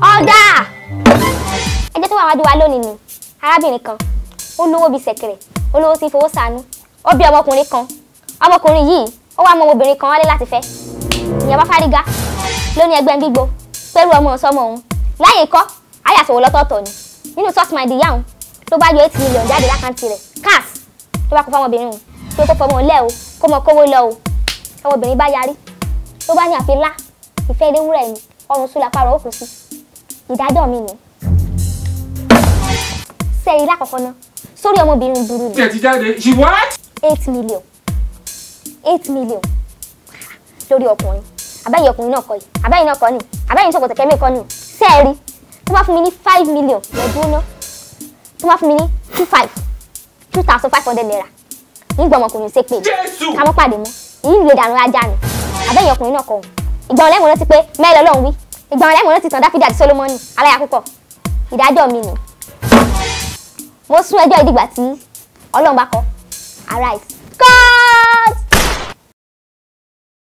ọ̀gá ẹjẹ́ tó wà wájú wa lónìí ni arábìnrin kan ó lówó bíi ṣẹ̀kẹ̀rẹ̀ olówó sì ń fowó ṣàánú ó bí ọmọkùnrin kan ọmọkùnrin yìí ó wá mọ obìnrin kan wálé láti fẹ́ ìyẹn bá fárígá lónìí ẹgbẹ́ ń gbígbó pẹ̀lú ọmọ ọ̀sọ́mọ òun láyé ikọ́ ayàsọ̀wò lọ́tọ̀ọ̀tọ̀ ni nínú sọ́ọ̀tì máa di yá òun ló bá yọ eight million jáde lákàntì rẹ̀ cash ló bá kó fọmọbìnrin òun pé kó fọmọ lẹ́ o kó mọ kówó lọ o ọmọbìnrin bá yarí ló bá ní àfi ńlá ìfẹ́ ilé wúrẹ́ mi ọrùn sùn lápá rọ̀ ó kù sí i ìdájọ́ mi ni. sẹ́yìn lákọ̀ọ́kọ́ náà sórí ọmọbìnrin burú ni. tiẹ̀ ti jáde she what. eight million eight million lórí ọkùnrin àbẹ́yìn ọkùnrin náà kọ́ yìí àbẹ́yìn náà kọ́ ni àbẹ́yìn sọ̀kò tẹ̀kẹ́ mẹ́kọ́ ni sẹ́ẹ̀rí tó bá fún mi ní five million lọ́dún náà tó bá fún mi ní two five two thousand five hundred naira nígbà ọmọkùnrin ṣe pé ká mọ́ pàdé mọ́ yìí ń lè dànù ajá ni àbẹ́yìn ọkùnrin náà kọ́ ìgbà ọ̀lẹ́mọ̀ rántí pé mẹ́rin ọlọ́run wí ìgbà wọn lẹ́mọ̀ọ́ ti tàn dáfídì àti solomoni aláya púpọ̀ ìdájọ́ mi nù mo sún ẹjọ́ ìdìgbà tí ọlọ́run bá kọ arise.